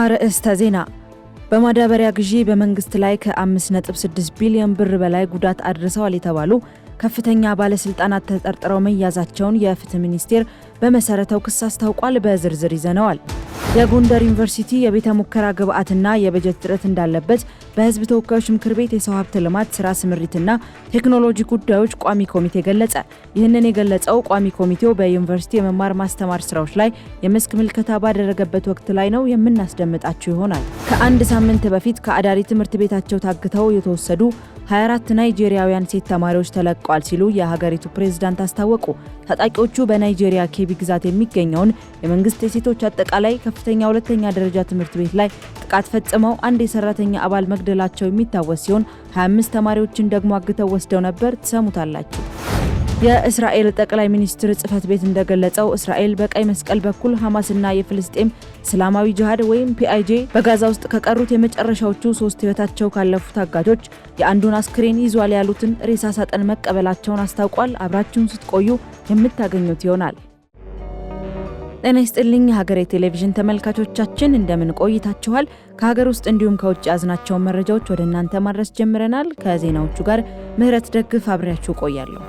አርዕስተ ዜና በማዳበሪያ ግዢ በመንግስት ላይ ከ5.6 ቢሊዮን ብር በላይ ጉዳት አድርሰዋል የተባሉ ከፍተኛ ባለስልጣናት ተጠርጥረው መያዛቸውን የፍትህ ሚኒስቴር በመሰረተው ክስ አስታውቋል። በዝርዝር ይዘነዋል። የጎንደር ዩኒቨርሲቲ የቤተ ሙከራ ግብዓትና የበጀት እጥረት እንዳለበት በህዝብ ተወካዮች ምክር ቤት የሰው ሀብት ልማት ስራ ስምሪትና ቴክኖሎጂ ጉዳዮች ቋሚ ኮሚቴ ገለጸ። ይህንን የገለጸው ቋሚ ኮሚቴው በዩኒቨርሲቲ የመማር ማስተማር ስራዎች ላይ የመስክ ምልከታ ባደረገበት ወቅት ላይ ነው። የምናስደምጣችሁ ይሆናል። ከአንድ ሳምንት በፊት ከአዳሪ ትምህርት ቤታቸው ታግተው የተወሰዱ 24 ናይጄሪያውያን ሴት ተማሪዎች ተለቀዋል ሲሉ የሀገሪቱ ፕሬዝዳንት አስታወቁ። ታጣቂዎቹ በናይጄሪያ ኬቢ ግዛት የሚገኘውን የመንግስት የሴቶች አጠቃላይ ከፍተኛ ሁለተኛ ደረጃ ትምህርት ቤት ላይ ጥቃት ፈጽመው አንድ የሰራተኛ አባል መግደላቸው የሚታወስ ሲሆን 25 ተማሪዎችን ደግሞ አግተው ወስደው ነበር። ትሰሙታላችሁ። የእስራኤል ጠቅላይ ሚኒስትር ጽህፈት ቤት እንደገለጸው እስራኤል በቀይ መስቀል በኩል ሐማስና የፍልስጤም እስላማዊ ጅሃድ ወይም ፒአይጄ በጋዛ ውስጥ ከቀሩት የመጨረሻዎቹ ሶስት ህይወታቸው ካለፉት አጋጆች የአንዱን አስክሬን ይዟል ያሉትን ሬሳ ሳጥን መቀበላቸውን አስታውቋል። አብራችሁን ስትቆዩ የምታገኙት ይሆናል። ጤና ይስጥልኝ የሀገሬ ቴሌቪዥን ተመልካቾቻችን እንደምን ቆይታችኋል? ከሀገር ውስጥ እንዲሁም ከውጭ ያዝናቸውን መረጃዎች ወደ እናንተ ማድረስ ጀምረናል። ከዜናዎቹ ጋር ምህረት ደግፍ አብሬያችሁ ቆያለሁ።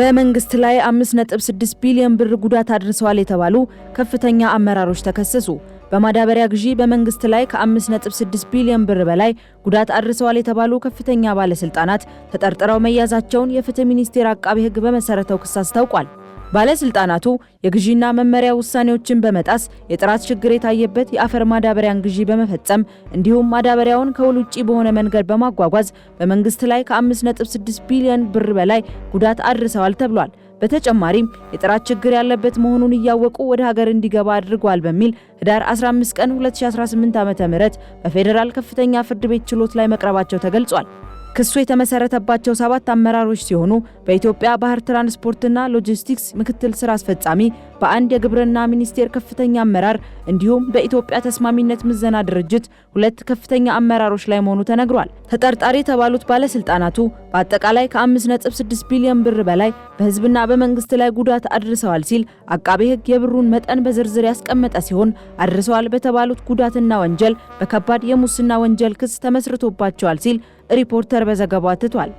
በመንግስት ላይ 5.6 ቢሊዮን ብር ጉዳት አድርሰዋል የተባሉ ከፍተኛ አመራሮች ተከሰሱ። በማዳበሪያ ግዢ በመንግስት ላይ ከ5.6 ቢሊዮን ብር በላይ ጉዳት አድርሰዋል የተባሉ ከፍተኛ ባለስልጣናት ተጠርጥረው መያዛቸውን የፍትህ ሚኒስቴር አቃቤ ሕግ በመሰረተው ክስ አስታውቋል። ባለስልጣናቱ የግዢና መመሪያ ውሳኔዎችን በመጣስ የጥራት ችግር የታየበት የአፈር ማዳበሪያን ግዢ በመፈጸም እንዲሁም ማዳበሪያውን ከውል ውጪ በሆነ መንገድ በማጓጓዝ በመንግስት ላይ ከ5.6 ቢሊዮን ብር በላይ ጉዳት አድርሰዋል ተብሏል። በተጨማሪም የጥራት ችግር ያለበት መሆኑን እያወቁ ወደ ሀገር እንዲገባ አድርጓል በሚል ህዳር 15 ቀን 2018 ዓ.ም በፌዴራል ከፍተኛ ፍርድ ቤት ችሎት ላይ መቅረባቸው ተገልጿል። ክሱ የተመሰረተባቸው ሰባት አመራሮች ሲሆኑ በኢትዮጵያ ባህር ትራንስፖርትና ሎጂስቲክስ ምክትል ስራ አስፈጻሚ፣ በአንድ የግብርና ሚኒስቴር ከፍተኛ አመራር እንዲሁም በኢትዮጵያ ተስማሚነት ምዘና ድርጅት ሁለት ከፍተኛ አመራሮች ላይ መሆኑ ተነግሯል። ተጠርጣሪ የተባሉት ባለስልጣናቱ በአጠቃላይ ከ5.6 ቢሊዮን ብር በላይ በህዝብና በመንግስት ላይ ጉዳት አድርሰዋል ሲል አቃቤ ህግ የብሩን መጠን በዝርዝር ያስቀመጠ ሲሆን አድርሰዋል በተባሉት ጉዳትና ወንጀል በከባድ የሙስና ወንጀል ክስ ተመስርቶባቸዋል ሲል ሪፖርተር በዘገባው አትቷል።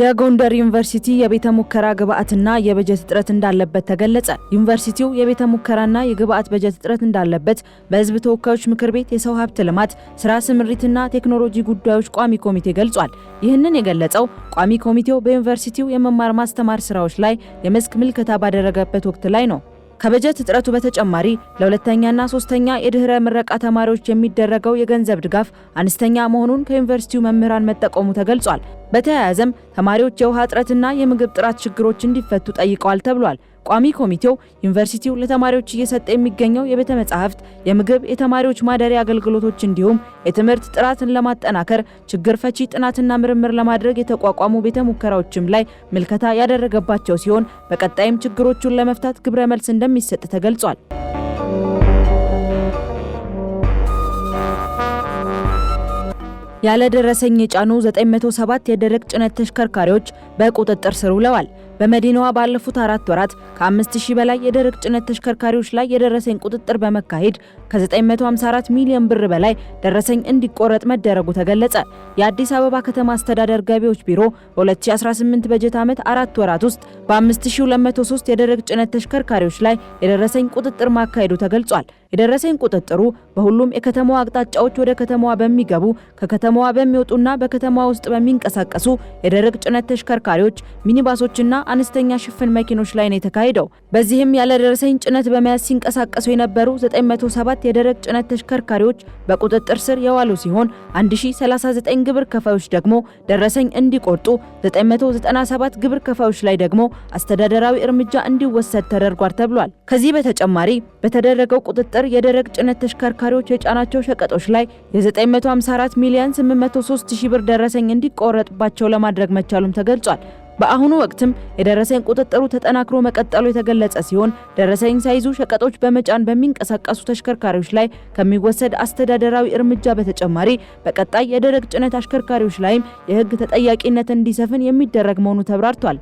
የጎንደር ዩኒቨርሲቲ የቤተ ሙከራ ግብአትና የበጀት እጥረት እንዳለበት ተገለጸ። ዩኒቨርሲቲው የቤተ ሙከራና የግብአት በጀት እጥረት እንዳለበት በሕዝብ ተወካዮች ምክር ቤት የሰው ሀብት ልማት ስራ ስምሪትና ቴክኖሎጂ ጉዳዮች ቋሚ ኮሚቴ ገልጿል። ይህንን የገለጸው ቋሚ ኮሚቴው በዩኒቨርሲቲው የመማር ማስተማር ስራዎች ላይ የመስክ ምልከታ ባደረገበት ወቅት ላይ ነው። ከበጀት እጥረቱ በተጨማሪ ለሁለተኛና ሶስተኛ የድህረ ምረቃ ተማሪዎች የሚደረገው የገንዘብ ድጋፍ አነስተኛ መሆኑን ከዩኒቨርሲቲው መምህራን መጠቆሙ ተገልጿል። በተያያዘም ተማሪዎች የውሃ እጥረትና የምግብ ጥራት ችግሮች እንዲፈቱ ጠይቀዋል ተብሏል። ቋሚ ኮሚቴው ዩኒቨርሲቲው ለተማሪዎች እየሰጠ የሚገኘው የቤተ መጻሕፍት፣ የምግብ፣ የተማሪዎች ማደሪያ አገልግሎቶች እንዲሁም የትምህርት ጥራትን ለማጠናከር ችግር ፈቺ ጥናትና ምርምር ለማድረግ የተቋቋሙ ቤተ ሙከራዎችም ላይ ምልከታ ያደረገባቸው ሲሆን በቀጣይም ችግሮቹን ለመፍታት ግብረ መልስ እንደ እንደሚሰጥ ተገልጿል። ያለ ደረሰኝ የጫኑ 907 የደረቅ ጭነት ተሽከርካሪዎች በቁጥጥር ስር ውለዋል። በመዲናዋ ባለፉት አራት ወራት ከ5000 በላይ የደረቅ ጭነት ተሽከርካሪዎች ላይ የደረሰኝ ቁጥጥር በመካሄድ ከ954 ሚሊዮን ብር በላይ ደረሰኝ እንዲቆረጥ መደረጉ ተገለጸ። የአዲስ አበባ ከተማ አስተዳደር ገቢዎች ቢሮ በ2018 በጀት ዓመት አራት ወራት ውስጥ በ5203 የደረቅ ጭነት ተሽከርካሪዎች ላይ የደረሰኝ ቁጥጥር ማካሄዱ ተገልጿል። የደረሰኝ ቁጥጥሩ በሁሉም የከተማዋ አቅጣጫዎች ወደ ከተማዋ በሚገቡ ከከተማዋ በሚወጡና በከተማዋ ውስጥ በሚንቀሳቀሱ የደረቅ ጭነት ተሽከርካሪዎች፣ ሚኒባሶችና አነስተኛ ሽፍን መኪኖች ላይ ነው የተካሄደው። በዚህም ያለደረሰኝ ጭነት በመያዝ ሲንቀሳቀሱ የነበሩ 907 የደረቅ ጭነት ተሽከርካሪዎች በቁጥጥር ስር የዋሉ ሲሆን 1039 ግብር ከፋዮች ደግሞ ደረሰኝ እንዲቆርጡ፣ 997 ግብር ከፋዮች ላይ ደግሞ አስተዳደራዊ እርምጃ እንዲወሰድ ተደርጓል ተብሏል። ከዚህ በተጨማሪ በተደረገው ቁጥጥር የደረቅ ጭነት ተሽከርካሪዎች የጫናቸው ሸቀጦች ላይ የ954 ሚሊዮን 803 ሺህ ብር ደረሰኝ እንዲቆረጥባቸው ለማድረግ መቻሉም ተገልጿል። በአሁኑ ወቅትም የደረሰኝ ቁጥጥሩ ተጠናክሮ መቀጠሉ የተገለጸ ሲሆን ደረሰኝ ሳይዙ ሸቀጦች በመጫን በሚንቀሳቀሱ ተሽከርካሪዎች ላይ ከሚወሰድ አስተዳደራዊ እርምጃ በተጨማሪ በቀጣይ የደረቅ ጭነት አሽከርካሪዎች ላይም የሕግ ተጠያቂነት እንዲሰፍን የሚደረግ መሆኑ ተብራርቷል።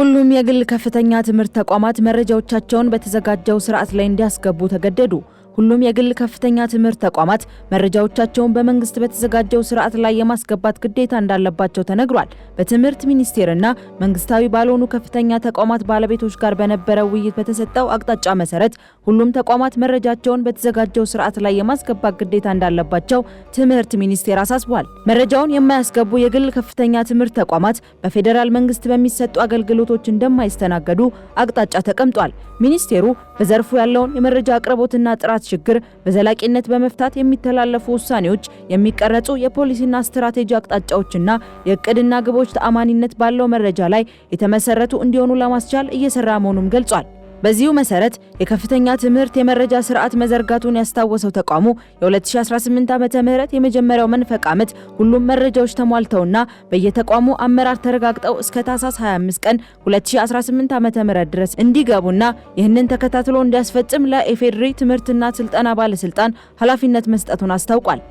ሁሉም የግል ከፍተኛ ትምህርት ተቋማት መረጃዎቻቸውን በተዘጋጀው ስርዓት ላይ እንዲያስገቡ ተገደዱ። ሁሉም የግል ከፍተኛ ትምህርት ተቋማት መረጃዎቻቸውን በመንግስት በተዘጋጀው ስርዓት ላይ የማስገባት ግዴታ እንዳለባቸው ተነግሯል። በትምህርት ሚኒስቴርና መንግስታዊ ባልሆኑ ከፍተኛ ተቋማት ባለቤቶች ጋር በነበረው ውይይት በተሰጠው አቅጣጫ መሰረት ሁሉም ተቋማት መረጃቸውን በተዘጋጀው ስርዓት ላይ የማስገባት ግዴታ እንዳለባቸው ትምህርት ሚኒስቴር አሳስቧል። መረጃውን የማያስገቡ የግል ከፍተኛ ትምህርት ተቋማት በፌዴራል መንግስት በሚሰጡ አገልግሎቶች እንደማይስተናገዱ አቅጣጫ ተቀምጧል። ሚኒስቴሩ በዘርፉ ያለውን የመረጃ አቅርቦትና ጥራት ችግር በዘላቂነት በመፍታት የሚተላለፉ ውሳኔዎች የሚቀረጹ የፖሊሲና ስትራቴጂ አቅጣጫዎችና የእቅድና ግቦች ተአማኒነት ባለው መረጃ ላይ የተመሰረቱ እንዲሆኑ ለማስቻል እየሰራ መሆኑም ገልጿል። በዚሁ መሰረት የከፍተኛ ትምህርት የመረጃ ስርዓት መዘርጋቱን ያስታወሰው ተቋሙ የ2018 ዓ ም የመጀመሪያው መንፈቅ ዓመት ሁሉም መረጃዎች ተሟልተውና በየተቋሙ አመራር ተረጋግጠው እስከ ታህሳስ 25 ቀን 2018 ዓ ም ድረስ እንዲገቡና ይህንን ተከታትሎ እንዲያስፈጽም ለኢፌዴሪ ትምህርትና ስልጠና ባለስልጣን ኃላፊነት መስጠቱን አስታውቋል።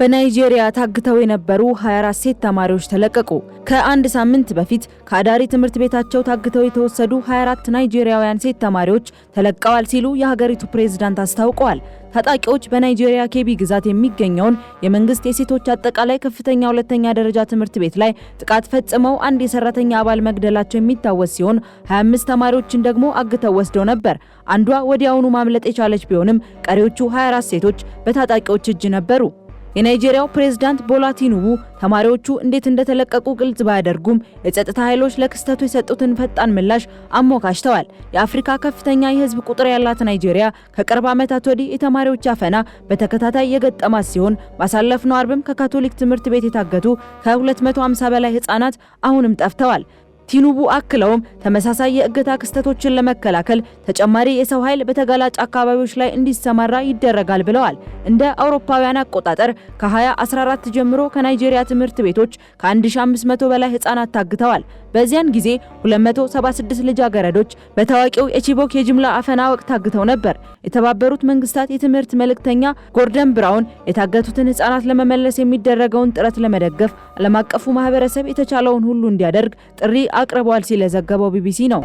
በናይጄሪያ ታግተው የነበሩ 24 ሴት ተማሪዎች ተለቀቁ። ከአንድ ሳምንት በፊት ከአዳሪ ትምህርት ቤታቸው ታግተው የተወሰዱ 24 ናይጄሪያውያን ሴት ተማሪዎች ተለቀዋል ሲሉ የሀገሪቱ ፕሬዝዳንት አስታውቀዋል። ታጣቂዎች በናይጄሪያ ኬቢ ግዛት የሚገኘውን የመንግስት የሴቶች አጠቃላይ ከፍተኛ ሁለተኛ ደረጃ ትምህርት ቤት ላይ ጥቃት ፈጽመው አንድ የሰራተኛ አባል መግደላቸው የሚታወስ ሲሆን 25 ተማሪዎችን ደግሞ አግተው ወስደው ነበር። አንዷ ወዲያውኑ ማምለጥ የቻለች ቢሆንም ቀሪዎቹ 24 ሴቶች በታጣቂዎች እጅ ነበሩ። የናይጄሪያው ፕሬዝዳንት ቦላ ቲኑቡ ተማሪዎቹ እንዴት እንደተለቀቁ ግልጽ ባያደርጉም የጸጥታ ኃይሎች ለክስተቱ የሰጡትን ፈጣን ምላሽ አሞካሽተዋል። የአፍሪካ ከፍተኛ የህዝብ ቁጥር ያላት ናይጄሪያ ከቅርብ ዓመታት ወዲህ የተማሪዎች አፈና በተከታታይ የገጠማት ሲሆን ባሳለፍነው አርብም ከካቶሊክ ትምህርት ቤት የታገቱ ከ250 በላይ ህጻናት አሁንም ጠፍተዋል። ቲኑቡ አክለውም ተመሳሳይ የእገታ ክስተቶችን ለመከላከል ተጨማሪ የሰው ኃይል በተጋላጭ አካባቢዎች ላይ እንዲሰማራ ይደረጋል ብለዋል። እንደ አውሮፓውያን አቆጣጠር ከ2014 ጀምሮ ከናይጄሪያ ትምህርት ቤቶች ከ1500 በላይ ህጻናት ታግተዋል። በዚያን ጊዜ 276 ልጃገረዶች በታዋቂው የቺቦክ የጅምላ አፈና ወቅት ታግተው ነበር። የተባበሩት መንግስታት የትምህርት መልእክተኛ ጎርደን ብራውን የታገቱትን ህጻናት ለመመለስ የሚደረገውን ጥረት ለመደገፍ ዓለም አቀፉ ማህበረሰብ የተቻለውን ሁሉ እንዲያደርግ ጥሪ አቅርበዋል ሲል የዘገበው ቢቢሲ ነው።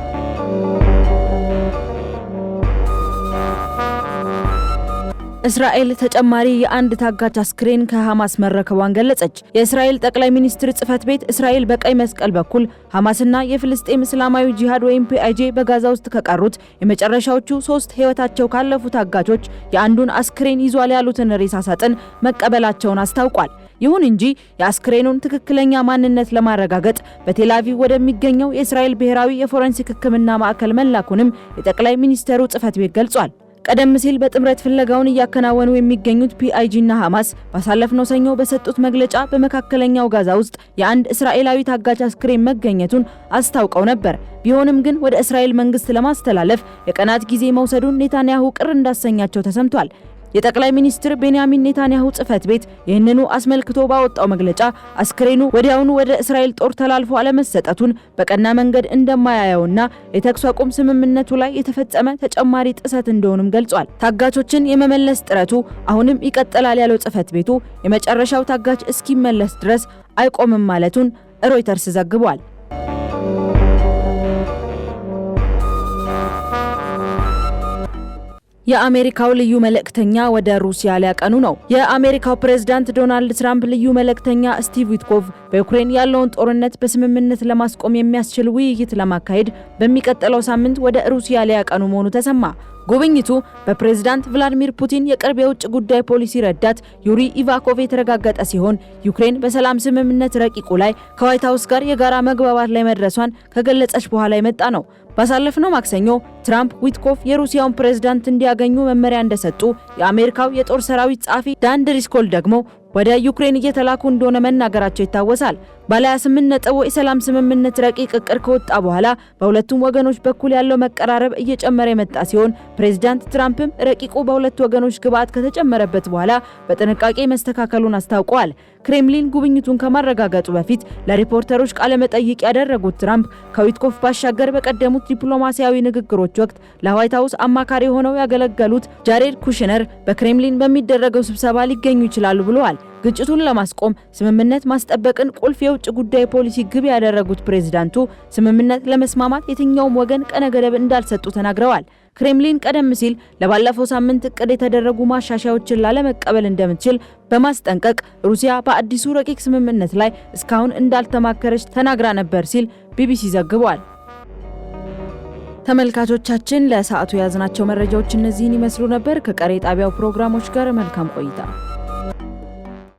እስራኤል ተጨማሪ የአንድ ታጋች አስክሬን ከሐማስ መረከቧን ገለጸች። የእስራኤል ጠቅላይ ሚኒስትር ጽህፈት ቤት እስራኤል በቀይ መስቀል በኩል ሐማስና የፍልስጤም እስላማዊ ጂሃድ ወይም ፒአይጄ በጋዛ ውስጥ ከቀሩት የመጨረሻዎቹ ሶስት ህይወታቸው ካለፉ ታጋቾች የአንዱን አስክሬን ይዟል ያሉትን ሬሳ ሳጥን መቀበላቸውን አስታውቋል። ይሁን እንጂ የአስክሬኑን ትክክለኛ ማንነት ለማረጋገጥ በቴላቪቭ ወደሚገኘው የእስራኤል ብሔራዊ የፎረንሲክ ሕክምና ማዕከል መላኩንም የጠቅላይ ሚኒስተሩ ጽህፈት ቤት ገልጿል። ቀደም ሲል በጥምረት ፍለጋውን እያከናወኑ የሚገኙት ፒአይጂና ሐማስ ባሳለፍነው ሰኞ በሰጡት መግለጫ በመካከለኛው ጋዛ ውስጥ የአንድ እስራኤላዊ ታጋች አስክሬን መገኘቱን አስታውቀው ነበር። ቢሆንም ግን ወደ እስራኤል መንግስት ለማስተላለፍ የቀናት ጊዜ መውሰዱን ኔታንያሁ ቅር እንዳሰኛቸው ተሰምቷል። የጠቅላይ ሚኒስትር ቤንያሚን ኔታንያሁ ጽህፈት ቤት ይህንኑ አስመልክቶ ባወጣው መግለጫ አስክሬኑ ወዲያውኑ ወደ እስራኤል ጦር ተላልፎ አለመሰጠቱን በቀና መንገድ እንደማያየውና የተኩስ አቁም ስምምነቱ ላይ የተፈጸመ ተጨማሪ ጥሰት እንደሆኑም ገልጿል። ታጋቾችን የመመለስ ጥረቱ አሁንም ይቀጥላል ያለው ጽህፈት ቤቱ የመጨረሻው ታጋች እስኪመለስ ድረስ አይቆምም ማለቱን ሮይተርስ ዘግቧል። የአሜሪካው ልዩ መልእክተኛ ወደ ሩሲያ ሊያቀኑ ነው። የአሜሪካው ፕሬዝዳንት ዶናልድ ትራምፕ ልዩ መልእክተኛ ስቲቭ ዊትኮቭ በዩክሬን ያለውን ጦርነት በስምምነት ለማስቆም የሚያስችል ውይይት ለማካሄድ በሚቀጥለው ሳምንት ወደ ሩሲያ ሊያቀኑ መሆኑ ተሰማ። ጉብኝቱ በፕሬዝዳንት ቭላዲሚር ፑቲን የቅርብ የውጭ ጉዳይ ፖሊሲ ረዳት ዩሪ ኢቫኮቭ የተረጋገጠ ሲሆን ዩክሬን በሰላም ስምምነት ረቂቁ ላይ ከዋይት ሀውስ ጋር የጋራ መግባባት ላይ መድረሷን ከገለጸች በኋላ የመጣ ነው። ባሳለፍነው ማክሰኞ ትራምፕ ዊትኮፍ የሩሲያውን ፕሬዝዳንት እንዲያገኙ መመሪያ እንደሰጡ የአሜሪካው የጦር ሰራዊት ጸሐፊ ዳን ድሪስኮል ደግሞ ወደ ዩክሬን እየተላኩ እንደሆነ መናገራቸው ይታወሳል። ባለ 28 ነጥብ የሰላም ስምምነት ረቂቅ እቅድ ከወጣ በኋላ በሁለቱም ወገኖች በኩል ያለው መቀራረብ እየጨመረ የመጣ ሲሆን ፕሬዚዳንት ትራምፕም ረቂቁ በሁለቱ ወገኖች ግብዓት ከተጨመረበት በኋላ በጥንቃቄ መስተካከሉን አስታውቀዋል። ክሬምሊን ጉብኝቱን ከማረጋገጡ በፊት ለሪፖርተሮች ቃለመጠይቅ ያደረጉት ትራምፕ ከዊትኮፍ ባሻገር በቀደሙት ዲፕሎማሲያዊ ንግግሮች ወቅት ለዋይት ሀውስ አማካሪ ሆነው ያገለገሉት ጃሬድ ኩሽነር በክሬምሊን በሚደረገው ስብሰባ ሊገኙ ይችላሉ ብለዋል። ግጭቱን ለማስቆም ስምምነት ማስጠበቅን ቁልፍ የውጭ ጉዳይ ፖሊሲ ግብ ያደረጉት ፕሬዝዳንቱ ስምምነት ለመስማማት የትኛውም ወገን ቀነ ገደብ እንዳልሰጡ ተናግረዋል። ክሬምሊን ቀደም ሲል ለባለፈው ሳምንት እቅድ የተደረጉ ማሻሻያዎችን ላለመቀበል እንደምትችል በማስጠንቀቅ ሩሲያ በአዲሱ ረቂቅ ስምምነት ላይ እስካሁን እንዳልተማከረች ተናግራ ነበር ሲል ቢቢሲ ዘግቧል። ተመልካቾቻችን ለሰዓቱ የያዝናቸው መረጃዎች እነዚህን ይመስሉ ነበር። ከቀሪ ጣቢያው ፕሮግራሞች ጋር መልካም ቆይታ